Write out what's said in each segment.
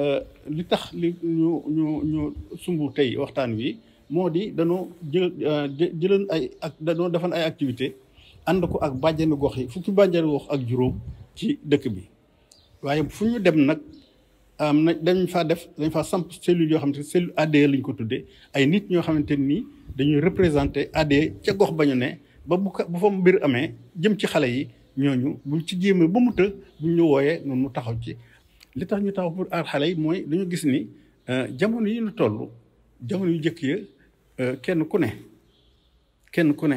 Euh, li tax li ñu ñu ñu sumb tey waxtaan wi moo di danoo jël euh, jëlan ay ak danoo defan ay activité ànd ko ak bàjjenu gox yi fukki bàjjenu gox ak juróom ci dëkk bi waaye fu ñu dem nag am na dañ faa def dañ fa samp cellule yoo xam ne cellule ADE lañ ko tuddee ay nit ñoo xamante nii dañuy représenter ADE ca gox ba ñu ne ba bu bu fa mbir amee jëm ci xale yi ñooñu buñ ci jéemee ba mu të buñ ñu wooyee noonu taxaw ci li tax ñu taxaw pour aar xale yi mooy dañu gis ni euh, jamono yi ñu toll jamono yu njëkk ya euh, kenn ku ne kenn ku ne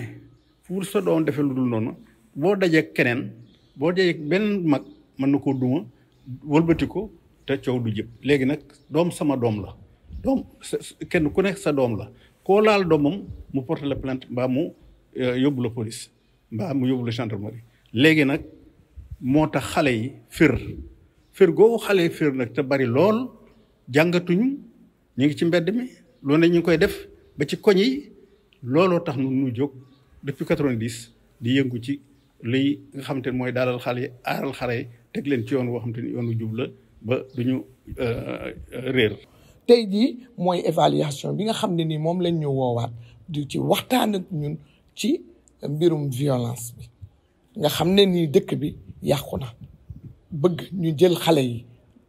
pour sa doom defe lu dul noonu boo dajee keneen boo dajee benn mag mën na koo duma walbatiku te coow du jëpp léegi nag doom sama doom la doom kenn ku nekk sa doom la koo laal doomam mu porte plant mbaa mu euh, yóbbu la police mbaa mu yóbbu la gendarmerie léegi nag moo tax xale yi fir fir googu xale fir nag te bari lool jàngatuñu ñu ngi ci mbedd mi loolu ne ñu ngi koy def ba ci koñ looloo tax nu nu jóg depuis quatre vingt di yëngu ci lii nga xam te ne mooy daalal xale yi aaral xale yi teg leen ci yoon woo xam te ni yoonu jub la ba ñu euh, euh, réer tey jii mooy évaluation bi nga xam ne nii moom lañ ñu woowaat di ci waxtaan ak ñun ci mbirum violence bi nga xam ne nii dëkk bi yàqu na bëgg ñu jël xale yi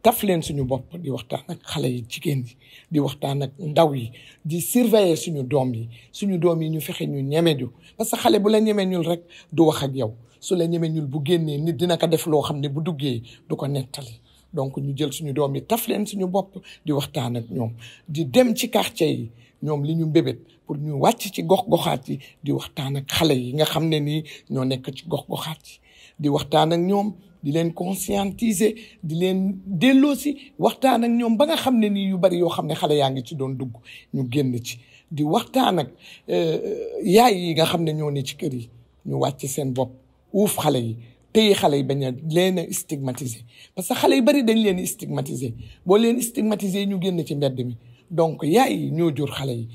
taf leen suñu bopp di waxtaan ak xale yi jigéen yi di waxtaan ak ndaw yi di surveiller suñu doom yi suñu doom yi ñu fexe ñu ñeme ñu parce que xale bu la ñemee ñul rek du wax ak yow su la ñemee ñul bu génnee nit dina ko def loo xam ne bu duggee du ko nettali. donc ñu jël suñu doom yi taf leen suñu bopp di waxtaan ak ñoom di dem ci quartier yi ñoom li ñu mbébét pour ñu wàcc ci gox-goxaat yi di waxtaan ak xale yi nga xam ne nii ñoo nekk ci gox-goxaat yi di waxtaan ak ñoom di leen conscientiser di leen delloosi waxtaan ak ñoom ba nga xam ne nii yu bari yoo xam ne xale yaa ngi ci doon dugg ñu génn ci di waxtaan ak euh, yaay yi nga xam ne ñoo ne ci kër yi ñu wàcc seen bopp uuf xale yi téye xale yi bañ a leen stigmatiser parce que xale yu bari dañ leen stigmatiser boo leen stigmatiser ñu génn ci mbedd mi donc yaay yi ñoo jur xale yi